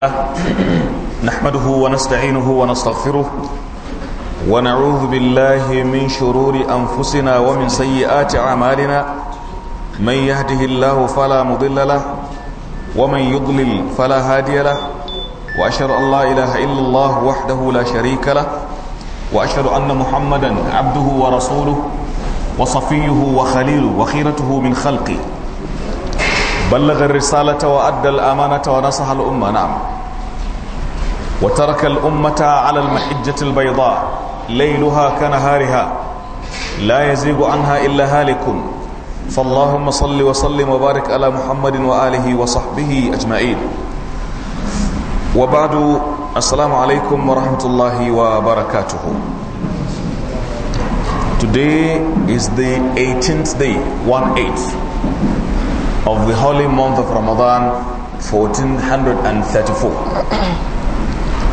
نحمده ونستعينه ونستغفره ونعوذ بالله من شرور أنفسنا ومن سيئات أعمالنا من يهده الله فلا مضل له ومن يضلل فلا هادي له وأشهد أن لا إله إلا الله وحده لا شريك له وأشهد أن محمدا عبده ورسوله وصفيه وخليله وخيرته من خلقه بلغ الرسالة وأدى الأمانة ونصح الأمة نعم وترك الأمة على المحجة البيضاء ليلها كنهارها لا يزيغ عنها إلا هالك فاللهم صل وسلم وبارك على محمد وآله وصحبه أجمعين وبعد السلام عليكم ورحمة الله وبركاته Today is the 18th day, 1-8th of the holy month of Ramadan, 1434.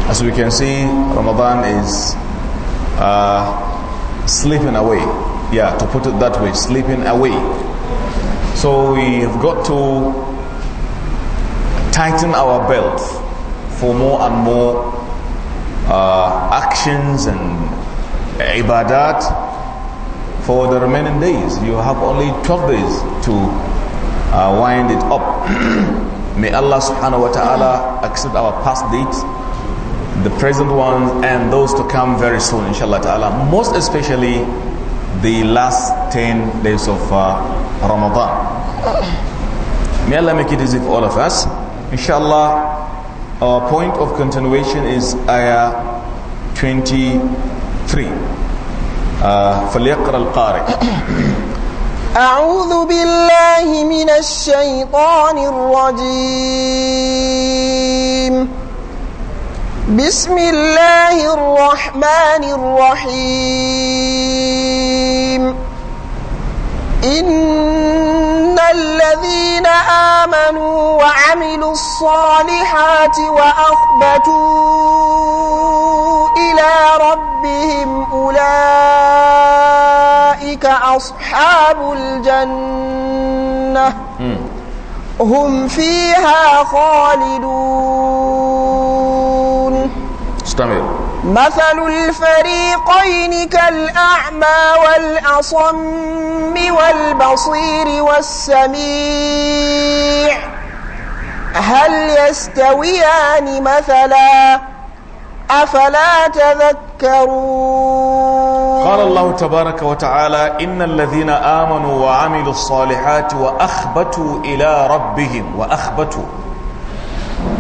As we can see, Ramadan is uh, slipping away. Yeah, to put it that way, slipping away. So we have got to tighten our belt for more and more uh, actions and ibadat for the remaining days. You have only 12 days to uh, wind it up. May Allah subhanahu wa ta'ala accept our past deeds the present ones and those to come very soon inshallah ta'ala most especially the last 10 days of uh, Ramadan may Allah make it easy for all of us inshallah our point of continuation is ayah 23 uh, القارئ أعوذ بالله من الشيطان الرجيم بسم الله الرحمن الرحيم إن الذين آمنوا وعملوا الصالحات وأخبتوا إلى ربهم أولئك أصحاب الجنة هم فيها خالدون استمر مثل الفريقين كالأعمى والأصم والبصير والسميع هل يستويان مثلا أفلا تذكرون قال الله تبارك وتعالى إن الذين آمنوا وعملوا الصالحات وأخبتوا إلى ربهم وأخبتوا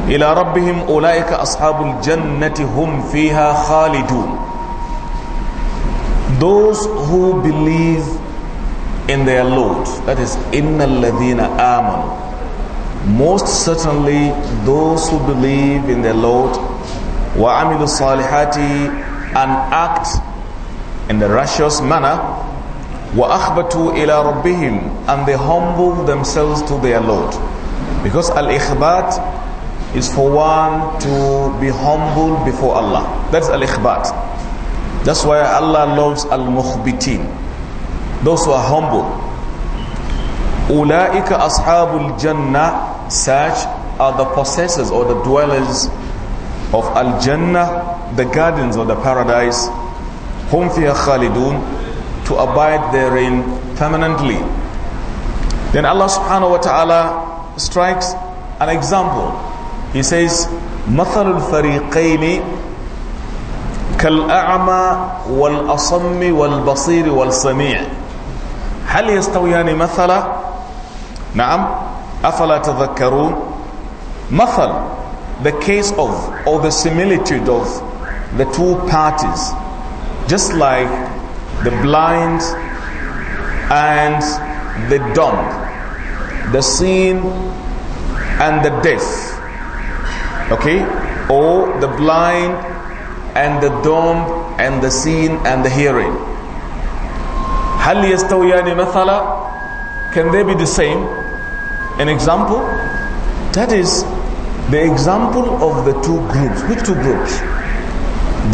إلى ربهم أولئك أصحاب الجنة هم فيها خالدون Those who believe in their Lord, that is, إِنَّ الَّذِينَ آمَنُوا Most certainly those who believe in their Lord وَعَمِلُوا الصَّالِحَاتِ and act in the righteous manner وَأَخْبَتُوا إِلَى رَبِّهِمْ and they humble themselves to their Lord. Because al-ikhbat is for one to be humble before Allah. That's al-ikhbat. That's why Allah loves al-mukhbitin. Those who are humble. Ulaika ashabul jannah. Such are the possessors or the dwellers of al-jannah, the gardens of the paradise. Hum fiya khalidun. To abide therein permanently. Then Allah subhanahu wa ta'ala strikes an example he says, مَثَلُ الْفَرِيقَيْنِ كَالْأَعْمَى وَالْأَصَمِّ وَالْبَصِيرِ وَالْسَمِيعِ هل يستويان مثلا نعم أفلا تذكرون مثل the case of or the similitude of the two parties just like the blind and the dumb the seen and the deaf okay or the blind and the dumb and the seen and the hearing هل can they be the same an example that is the example of the two groups which two groups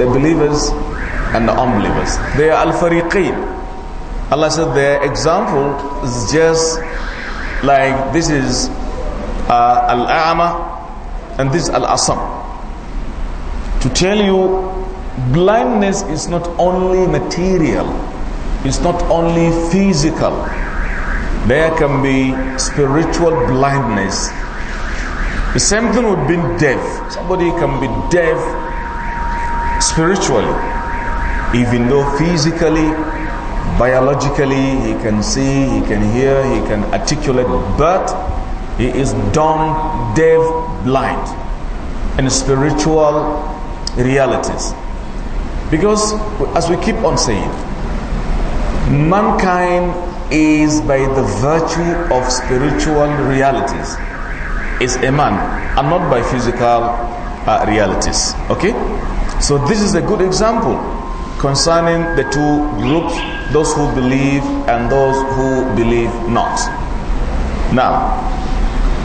the believers and the unbelievers they are al-fariqin Allah said their example is just like this is uh, al-a'ma and this al-asam. To tell you, blindness is not only material, it's not only physical. There can be spiritual blindness. The same thing would be deaf. Somebody can be deaf spiritually, even though physically, biologically, he can see, he can hear, he can articulate, but he is dumb, deaf, blind in spiritual realities. Because, as we keep on saying, mankind is by the virtue of spiritual realities is a man and not by physical uh, realities okay so this is a good example concerning the two groups those who believe and those who believe not now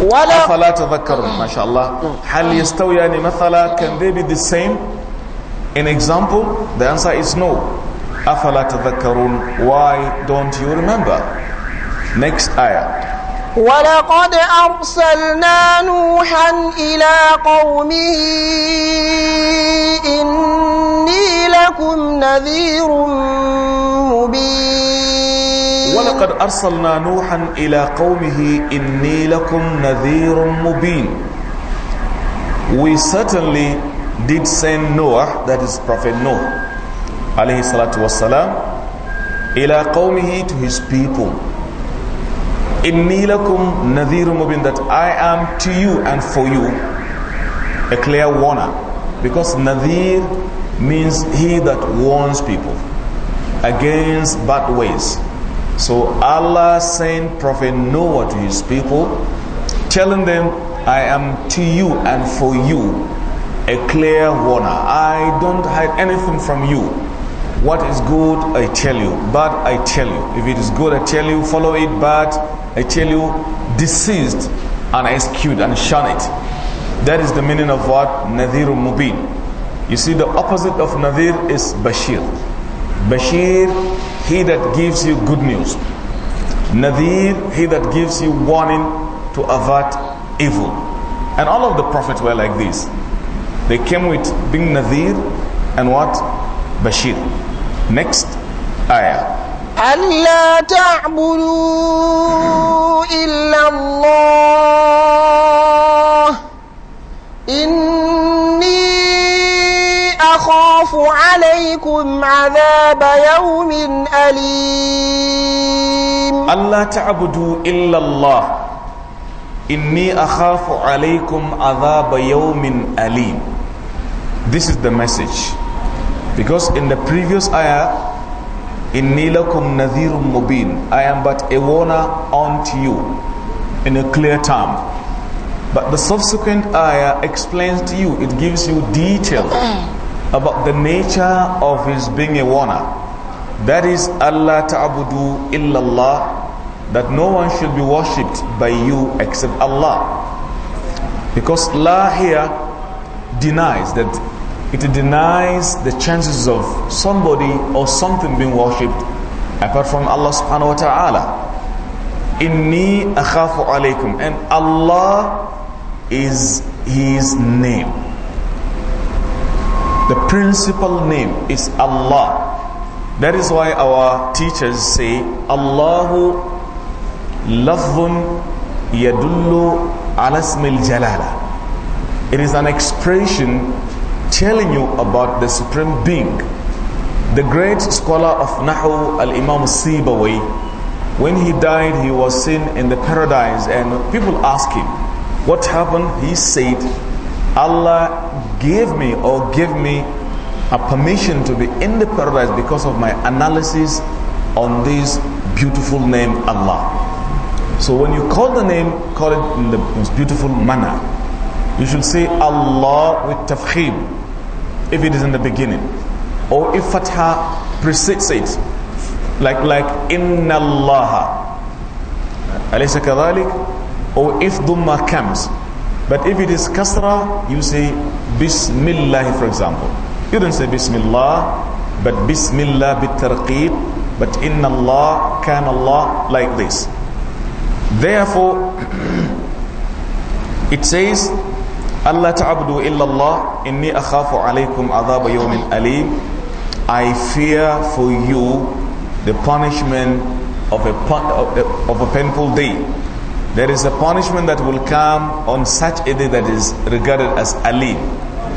ولا فلا تذكر ما شاء الله هل يستويان يعني مثلا can they be the same in example the answer is no أفلا تذكرون why don't you remember next ayah ولقد أرسلنا نوحا إلى قومه إني لكم نذير مبين وَلَقَدْ أَرْسَلْنَا نُوحًا إِلَىٰ قَوْمِهِ إِنِّي لَكُمْ نَذِيرٌ مُبِينٌ We certainly did send Noah, that is Prophet Noah, alayhi salatu wasalam, إِلَىٰ قَوْمِهِ to his people. إِنِّي لَكُمْ نَذِيرٌ مُبِينٌ That I am to you and for you a clear warner. Because Nadir means he that warns people against bad ways so Allah sent Prophet Noah to his people, telling them, I am to you and for you a clear warner. I don't hide anything from you. What is good, I tell you. Bad, I tell you. If it is good, I tell you. Follow it. Bad, I tell you. Deceased and execute and shun it. That is the meaning of what? Nadir Mubin. You see, the opposite of Nadir is Bashir. Bashir he that gives you good news. Nadir, he that gives you warning to avert evil. And all of the prophets were like this. They came with being Nadir and what? Bashir. Next ayah. أن تعبدوا إلا الله أخاف عليكم عذاب يوم أليم ألا تعبدوا إلا الله إني أخاف عليكم عذاب يوم أليم This is the message because in the previous ayah إني لكم نذير مبين I am but a warner unto you in a clear term But the subsequent ayah explains to you, it gives you detail about the nature of his being a warner. That is Allah ta'budu illallah that no one should be worshipped by you except Allah. Because La here denies that it denies the chances of somebody or something being worshipped apart from Allah subhanahu wa ta'ala. Inni akhafu alaykum and Allah is his name. The principal name is Allah. That is why our teachers say Allahu lafzun yadullu ala ismil jalala. It is an expression telling you about the supreme being. The great scholar of Nahu, Al-Imam Sibawi, when he died, he was seen in the paradise and people asked him, what happened? He said, Allah gave me or give me a permission to be in the paradise because of my analysis on this beautiful name Allah. So when you call the name, call it in the most beautiful manner. You should say Allah with tafkhim if it is in the beginning. Or if fatha precedes it. Like like inna Allah. Alaysa Kadalik. Or if Duma comes. But if it is kasra, you say bismillah, for example. You don't say bismillah, but bismillah bitarqib, but inna Allah, can Allah, like this. Therefore, it says, Allah ta'abdu illallah, inni akhafu alaykum adhaba yawmin alim. I fear for you the punishment of a, of a, of a painful day. There is a punishment that will come on such a day that is regarded as alim.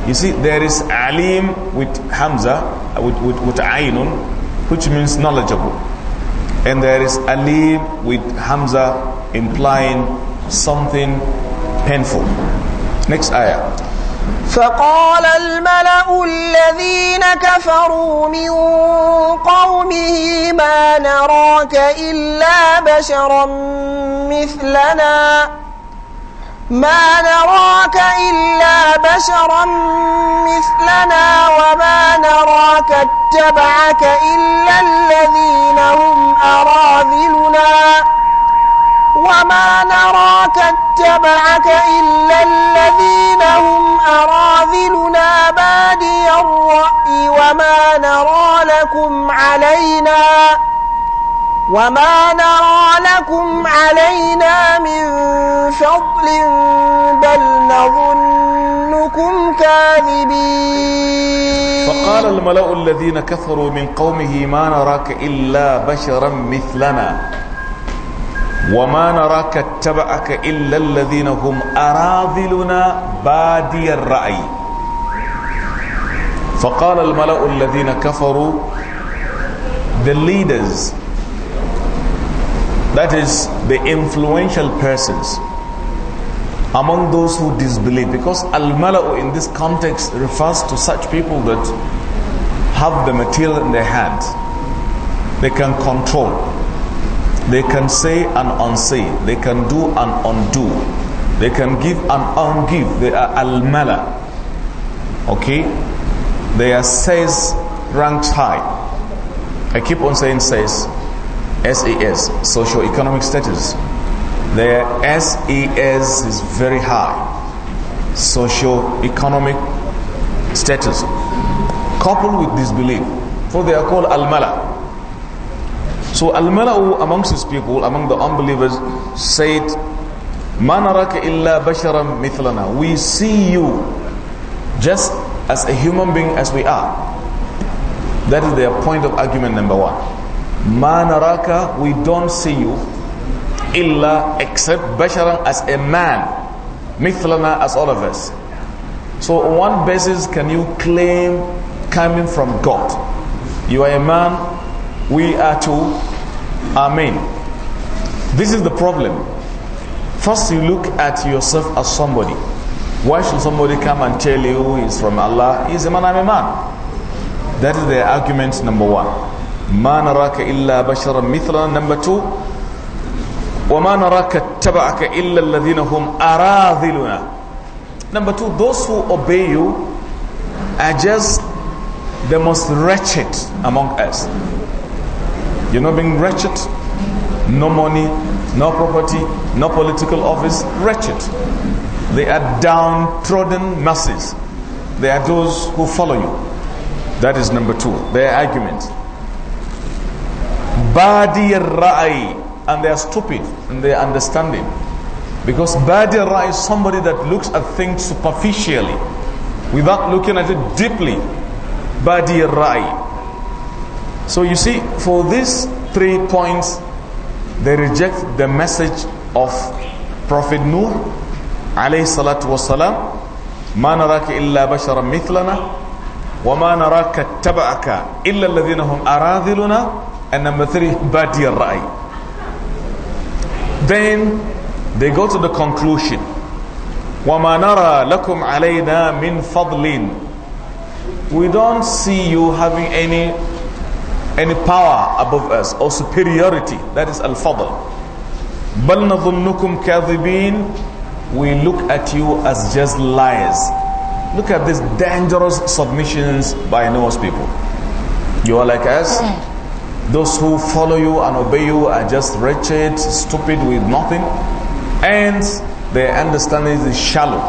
You see, there is alim with hamza, uh, with, with, with ainun, which means knowledgeable. And there is alim with hamza implying something painful. Next ayah. فقال الملأ الذين كفروا من قومه ما نراك إلا بشرا مثلنا ما نراك إلا بشرا مثلنا وما نراك اتبعك إلا الذين هم أراذلنا وما نراك اتبعك إلا الذين هم أراذلنا بادي الرأي وما نرى لكم علينا وما نرى لكم علينا من فضل بل نظنكم كاذبين فقال الملأ الذين كفروا من قومه ما نراك إلا بشرا مثلنا وما نراك اتبعك إلا الذين هم أراذلنا بادي الرأي فقال الملأ الذين كفروا the leaders that is the influential persons among those who disbelieve because al-mala'u in this context refers to such people that have the material in their hands they can control they can say and unsay. They can do and undo. They can give and ungive. They are al-mala. Okay? They are says ranked high. I keep on saying says. SES, socio-economic status. Their SES is very high. Socio-economic status. Coupled with disbelief. For they are called al-mala. So Al-Mala'u amongst his people, among the unbelievers, said, Manaraka نَرَكَ إِلَّا بَشَرًا We see you just as a human being as we are. That is their point of argument number one. Manaraka, We don't see you illa except basharan as a man mithlana as all of us so on one basis can you claim coming from god you are a man we are too Amen. This is the problem. First, you look at yourself as somebody. Why should somebody come and tell you he's from Allah? He's a man, I'm a man. That is the argument number one. ما نراك إلا بشرا مثلنا number two وما نراك اتبعك إلا الذين هم أراذلنا number two those who obey you are just the most wretched among us you're not being wretched. No money, no property, no political office. Wretched. They are downtrodden masses. They are those who follow you. That is number two. Their argument. Badi Ra'i. And they are stupid in their understanding. Because Badi Ra'i is somebody that looks at things superficially without looking at it deeply. Badi Ra'i. So you see, for these three points, they reject the message of Prophet Noor, alayhi salatu wasalam, ما نراك إلا بشرا مثلنا وما نراك تبعك إلا الذين هم أراذلنا and number three بادي الرأي then they go to the conclusion وما نرى لكم علينا من فضل we don't see you having any any power above us or superiority. That is al-fadl. بَلْ نَظُنُّكُمْ كَاذِبِينَ We look at you as just liars. Look at these dangerous submissions by Noah's people. You are like us. Those who follow you and obey you are just wretched, stupid with nothing. And their understanding is shallow.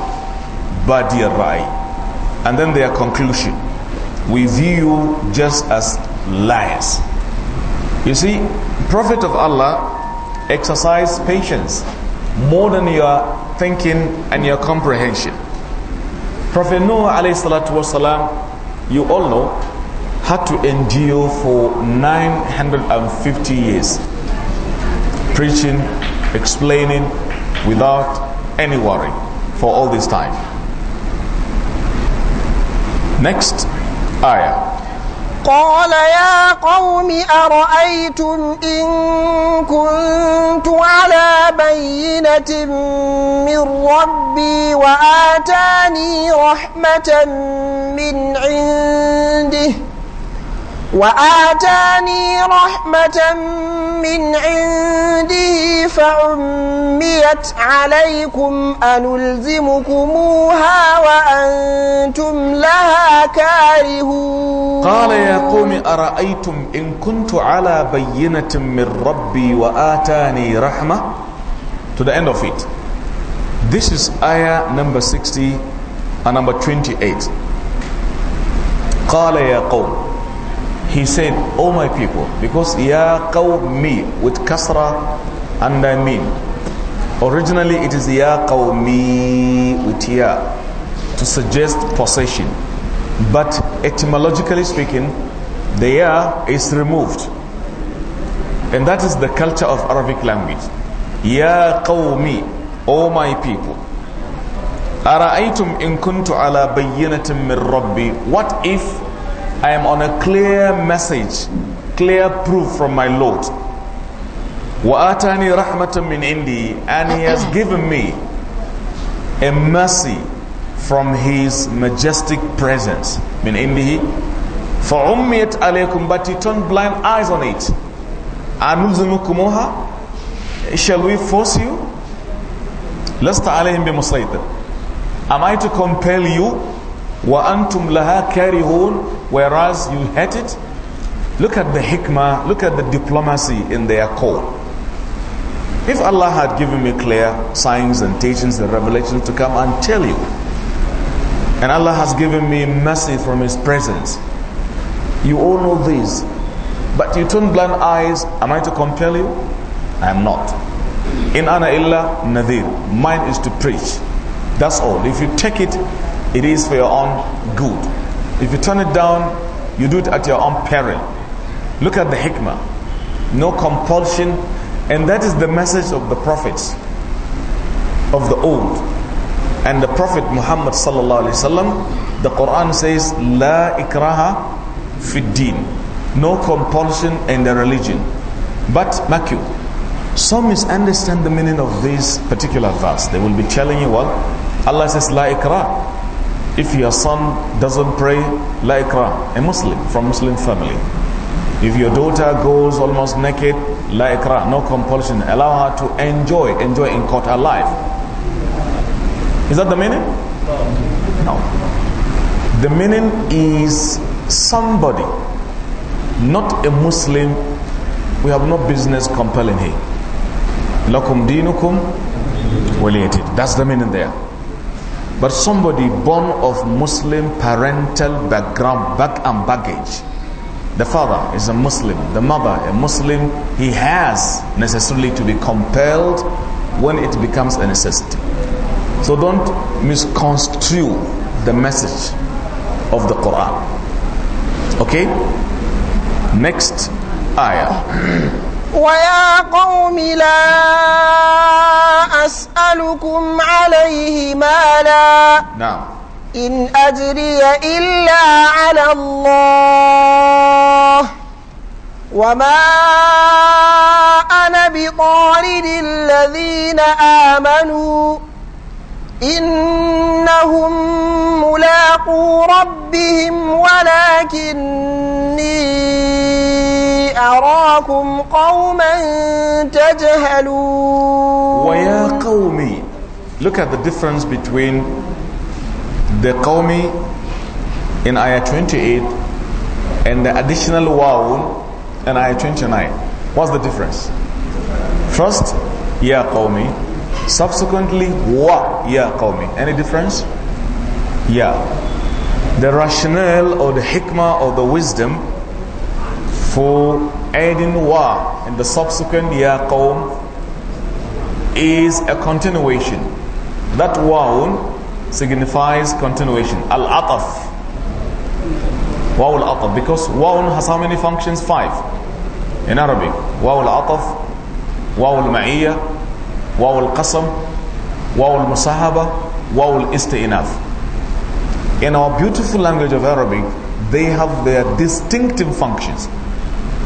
Badirai. And then their conclusion. We view you just as liars. You see, Prophet of Allah exercise patience more than your thinking and your comprehension. Prophet Noah you all know, had to endure for 950 years. Preaching, explaining, without any worry for all this time. Next ayah. قال يا قوم أرأيتم إن كنت على بينة من ربي وآتاني رحمة من عنده وآتاني رحمة من عنده فعميت عليكم أنلزمكموها وأنتم لها كارهون قال يا قوم أرأيتم إن كنت على بينة من ربي وآتاني رحمة to the end of it this is ayah number 60 and number 28 قال يا قوم he said, O oh my people, because Ya Qawmi with Kasra and I mean. Originally it is Ya Qawmi with Ya to suggest possession. But etymologically speaking, the Ya is removed. And that is the culture of Arabic language. Ya Qawmi, O oh my people. أرأيتم إن كنت على بينة من ربي What if I am on a clear message, clear proof from my Lord. وَآتَانِي رَحْمَةً مِّنْ إِنْدِي And he has given me a mercy from his majestic presence. مِّنْ for فَعُمِّيَتْ عَلَيْكُمْ But he turned blind eyes on it. أَنُلْزِمُكُمُوهَا Shall we force you? لَسْتَ عَلَيْهِمْ بِمُصَيْدٍ Am I to compel you? وَأَنْتُمْ لَهَا كَارِهُونَ whereas you hate it. Look at the hikmah, look at the diplomacy in their call. If Allah had given me clear signs and teachings and revelations to come and tell you, and Allah has given me mercy from His presence, you all know this, but you turn blind eyes, am I to compel you? I am not. In ana illa nadir. Mine is to preach. That's all. If you take it, it is for your own good. If you turn it down, you do it at your own peril. Look at the hikmah. No compulsion. And that is the message of the prophets of the old. And the Prophet Muhammad sallallahu alayhi wasallam, the Quran says, "La ikraha fid din," no compulsion in the religion. But mark you, some misunderstand the meaning of this particular verse. They will be telling you, "Well, Allah says la ikraha. If your son doesn't pray, like a Muslim from Muslim family. If your daughter goes almost naked, like no compulsion. Allow her to enjoy, enjoy in court her life. Is that the meaning? No. The meaning is somebody, not a Muslim, we have no business compelling him. لَكُمْ دِينُكُمْ That's the meaning there. But somebody born of Muslim parental background, back and baggage, the father is a Muslim, the mother a Muslim, he has necessarily to be compelled when it becomes a necessity. So don't misconstrue the message of the Quran. Okay? Next ayah. ويا قوم لا أسألكم عليه مالا نعم إن أجري إلا على الله وما أنا بطارد الذين آمنوا إنهم ملاقو ربهم ولكني أراكم قبل ويا Look at the difference between the qawmi in ayah 28 and the additional waw in ayah 29. What's the difference? First, يا qawmi. Subsequently, wa ya qawmi. Any difference? Yeah. The rationale or the hikmah or the wisdom for adding wa in the subsequent Ya Qawm is a continuation. That Waun signifies continuation. Al-Ataf. Waw ataf Because Waun has how many functions? Five. In Arabic. Waw ataf Waw al-Ma'iyya. Waw qasam Waw musahaba Waw istinaf In our beautiful language of Arabic, they have their distinctive functions.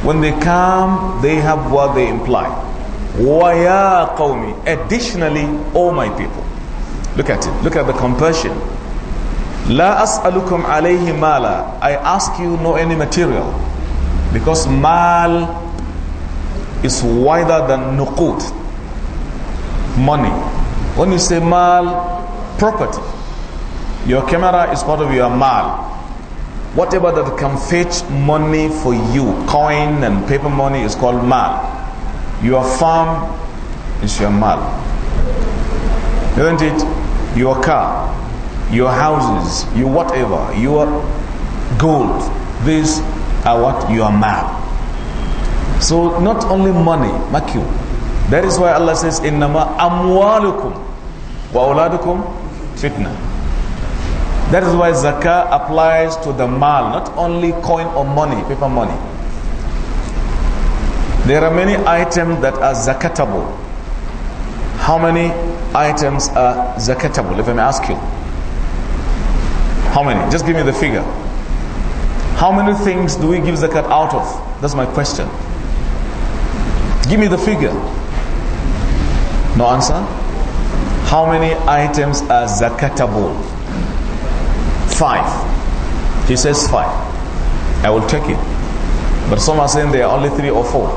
When they come, they have what they imply. وَيَا qawmi. Additionally, all my people. Look at it. Look at the compassion. La as'alukum alayhi مَالًا I ask you no any material. Because mal is wider than nukut. Money. When you say mal, property. Your camera is part of your mal. Whatever that can fetch money for you, coin and paper money is called mal. Your farm is your mal. Isn't it? Your car, your houses, your whatever, your gold, these are what you are mal. So not only money, mark you. That is why Allah says, "Amwalukum wa uladukum fitna. That is why zakah applies to the mal, not only coin or money, paper money. There are many items that are zakatable. How many items are zakatable, if I may ask you? How many? Just give me the figure. How many things do we give zakat out of? That's my question. Give me the figure. No answer? How many items are zakatable? five. He says five. I will take it. But some are saying there are only three or four.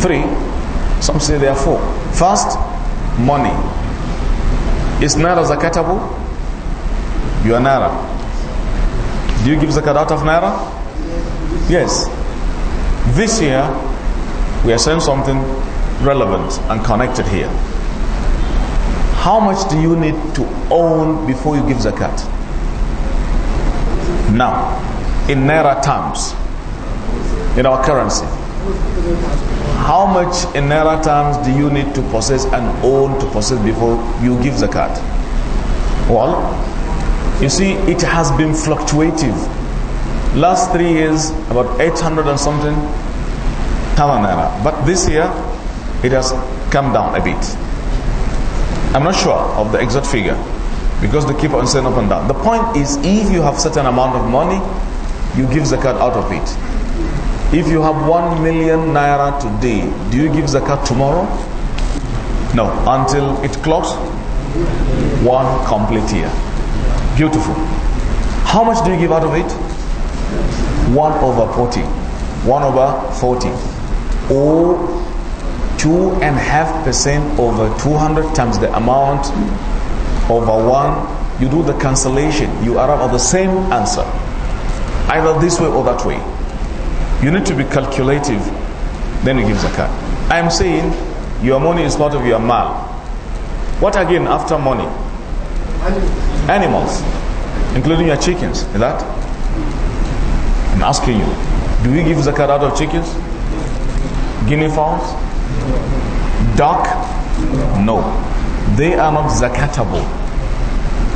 Three. Some say there are four. First, money. Is Naira zakatable? You are Naira. Do you give zakat out of Naira? Yes. This year, we are saying something relevant and connected here. How much do you need to own before you give zakat? now in naira terms, in our currency. How much in naira terms do you need to possess and own to possess before you give zakat? Well, you see, it has been fluctuative. Last three years, about 800 and something naira. But this year, it has come down a bit. I'm not sure of the exact figure. Because they keep on saying up and down. The point is, if you have certain amount of money, you give zakat out of it. If you have one million naira today, do you give zakat tomorrow? No, until it clocks one complete year. Beautiful. How much do you give out of it? 1 over 40. 1 over 40. Or 2.5% over 200 times the amount over one, you do the cancellation. You arrive at the same answer, either this way or that way. You need to be calculative, then you give zakat. I am saying your money is part of your mal. What again after money? Animals, including your chickens. Is that? I'm asking you, do we give zakat out of chickens? Guinea fowls? Duck? No they are not zakatable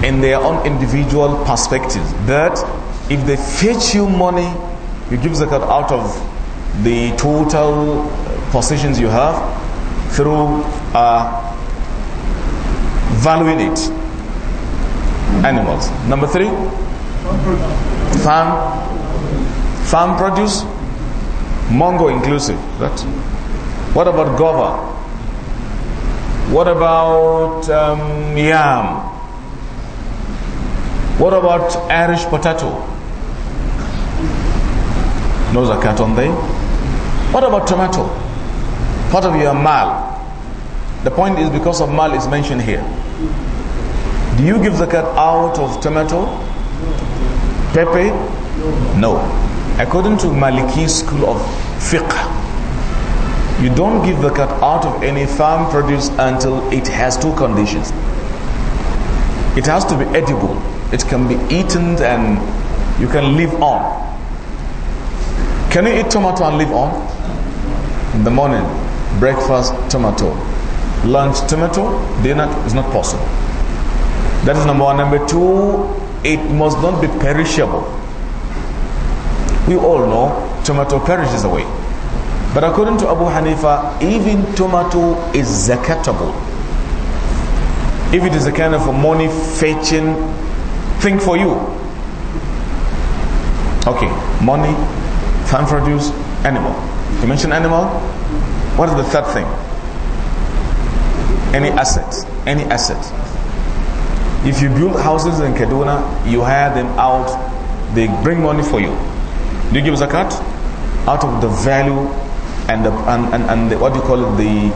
in their own individual perspective. That if they fetch you money, you give zakat out of the total uh, possessions you have through uh, valuing it. Animals. Number three, farm, farm produce, mango inclusive. Right? What about guava? What about um, yam? What about Irish potato? No zakat on them. What about tomato? Part of your mal. The point is because of mal is mentioned here. Do you give zakat out of tomato? Pepe? No. According to Maliki school of fiqh, you don't give the cut out of any farm produce until it has two conditions. It has to be edible. It can be eaten and you can live on. Can you eat tomato and live on? In the morning, breakfast, tomato. Lunch, tomato. Dinner is not possible. That is number one. Number two, it must not be perishable. We all know tomato perishes away. But according to Abu Hanifa, even tomato is zakatable. If it is a kind of a money fetching thing for you. Okay, money, farm produce, animal. You mentioned animal. What is the third thing? Any asset. Any asset. If you build houses in Kaduna, you hire them out, they bring money for you. Do you give zakat? Out of the value and the, and, and, and the, what do you call it, the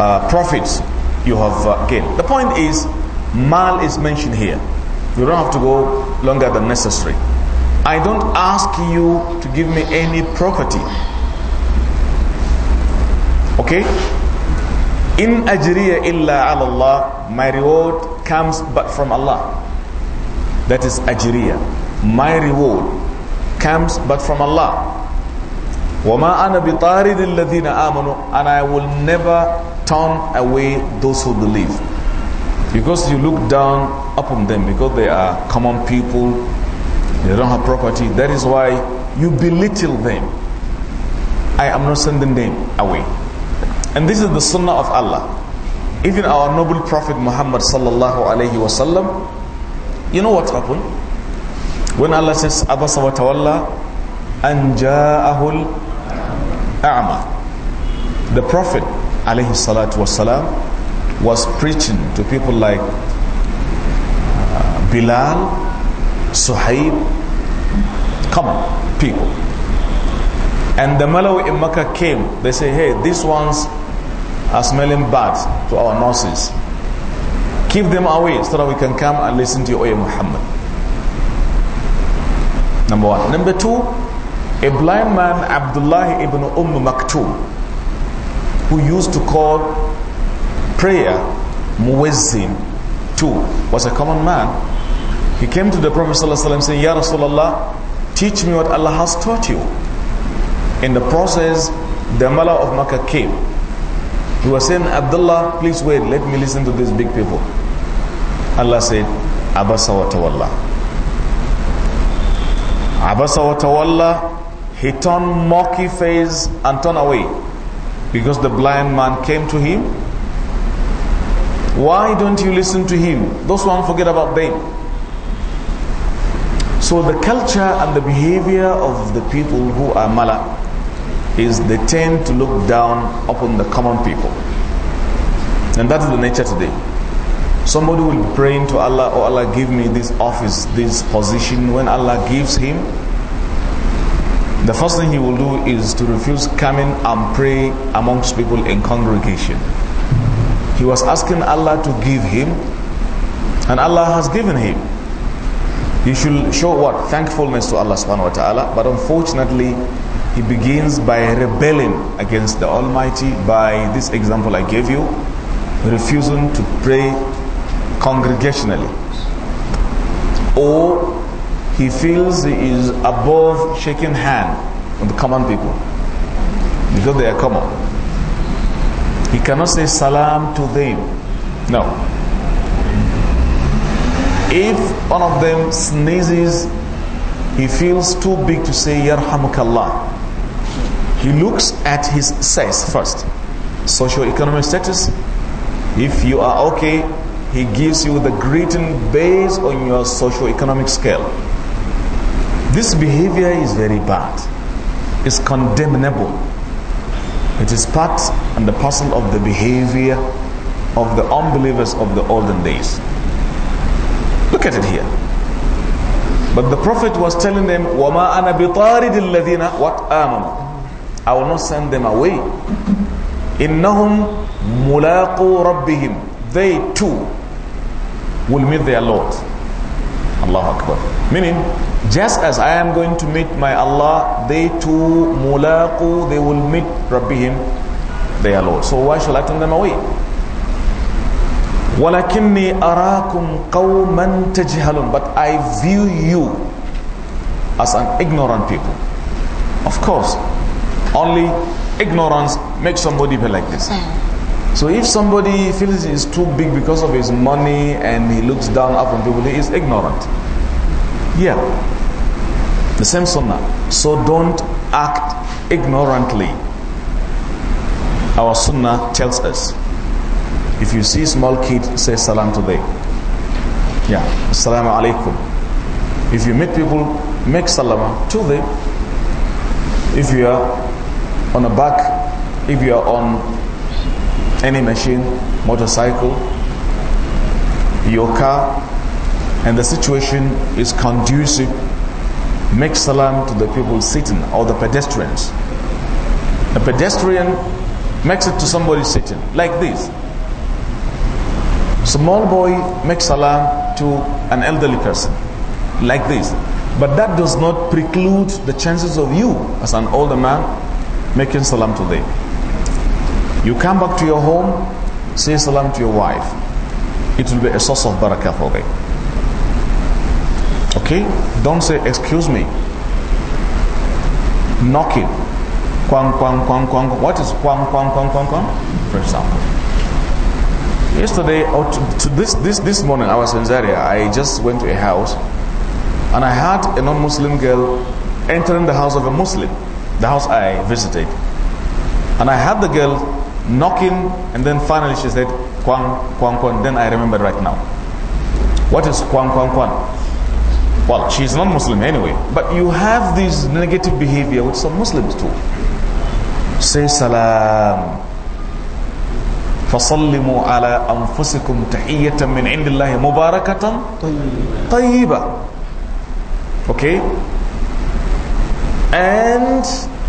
uh, profits you have uh, gained. The point is, mal is mentioned here. You don't have to go longer than necessary. I don't ask you to give me any property. Okay? In ajriya illa ala Allah, my reward comes but from Allah. That is ajriya. My reward comes but from Allah. وَمَا أَنَا بِطَارِدِ الَّذِينَ آمَنُوا And I will never turn away those who believe. Because you look down upon them because they are common people, they don't have property. That is why you belittle them. I am not sending them away. And this is the sunnah of Allah. Even our noble prophet Muhammad sallallahu alayhi wasallam, you know what happened? When Allah says, Abasa wa tawalla, an ja'ahul A'ma. The Prophet alayhi salatu wasalam was preaching to people like uh, Bilal, Suhaib, common people. And the Malawi in Mecca came. They say, hey, these ones are smelling bad to our noses. Keep them away so that we can come and listen to you, O Muhammad. Number one. Number two, a blind man, Abdullah ibn Umm Maktoum, who used to call prayer Muwazzin too, was a common man. He came to the Prophet ﷺ saying, Ya Rasulullah, teach me what Allah has taught you. In the process, the Mala of Makkah came. He was saying, Abdullah, please wait, let me listen to these big people. Allah said, Abasa wa tawalla. Abasa wa tawalla he turned mocky face and turned away because the blind man came to him. Why don't you listen to him? Those one forget about them. So the culture and the behavior of the people who are Mala is they tend to look down upon the common people. And that's the nature today. Somebody will be praying to Allah, Oh Allah, give me this office, this position. When Allah gives him, the first thing he will do is to refuse coming and pray amongst people in congregation. He was asking Allah to give him, and Allah has given him. You should show what? Thankfulness to Allah subhanahu wa ta'ala. But unfortunately, he begins by rebelling against the Almighty by this example I gave you, refusing to pray congregationally. Or he feels he is above shaking hand with the common people because they are common. He cannot say salam to them. No. If one of them sneezes, he feels too big to say yarhamukallah. He looks at his size 1st social Socio-economic status. If you are okay, he gives you the greeting based on your socio-economic scale. This behavior is very bad. It's condemnable. It is part and the parcel of the behavior of the unbelievers of the olden days. Look at it here. But the Prophet was telling them, وَمَا أَنَا بِطَارِدِ الَّذِينَ What? آمَنُوا I will not send them away. إِنَّهُمْ مُلَاقُوا رَبِّهِمْ They too will meet their Lord. Allah Akbar. Meaning, just as I am going to meet my Allah, they too, mulaqu, they will meet Rabbihim, their Lord. So why shall I turn them away? وَلَكِنِّي أَرَاكُمْ قَوْمًا تَجْهَلُونَ But I view you as an ignorant people. Of course, only ignorance makes somebody be like this. So if somebody feels he is too big because of his money and he looks down upon people, he is ignorant. Yeah. The same sunnah. So don't act ignorantly. Our sunnah tells us. If you see small kid, say salam to them. Yeah. Assalamu alaikum. If you meet people, make salam to them. If you are on a back, if you are on any machine, motorcycle, your car, and the situation is conducive, make salam to the people sitting or the pedestrians. A pedestrian makes it to somebody sitting, like this. Small boy makes salam to an elderly person, like this. But that does not preclude the chances of you, as an older man, making salam to them. You come back to your home, say salam to your wife. It will be a source of barakah for them. Okay? Don't say, excuse me. Knocking. Quang, quang, quang, quang. What is quang, quang, quang, quang, quang? For example. Yesterday, or to, to this, this, this morning, I was in Zaria. I just went to a house and I had a non-Muslim girl entering the house of a Muslim, the house I visited. And I had the girl knocking, and then finally she said, quang quang quang. Then I remember right now. What is quang quang quang? Well, she's not Muslim anyway. But you have this negative behavior with some Muslims too. Say salam. فَصَلِّمُوا عَلَىٰ أَنفُسِكُمْ تَحِيَّةً مِنْ عِنْدِ اللَّهِ مُبَارَكَةً طَيِّبًا Okay? And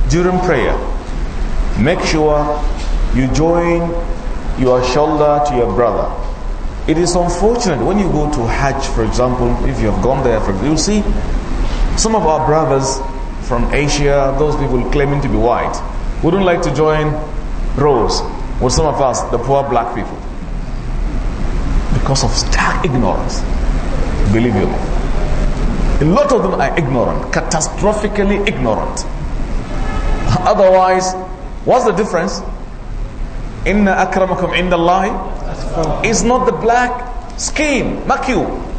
during prayer, make sure you join your shoulder to your brother. It is unfortunate when you go to Hajj, for example, if you have gone there, for, you'll see some of our brothers from Asia, those people claiming to be white, wouldn't like to join rows with some of us, the poor black people, because of stark ignorance. Believe you me. A lot of them are ignorant, catastrophically ignorant. Otherwise, what's the difference? Inna akramakum indallahi it's not the black skin, not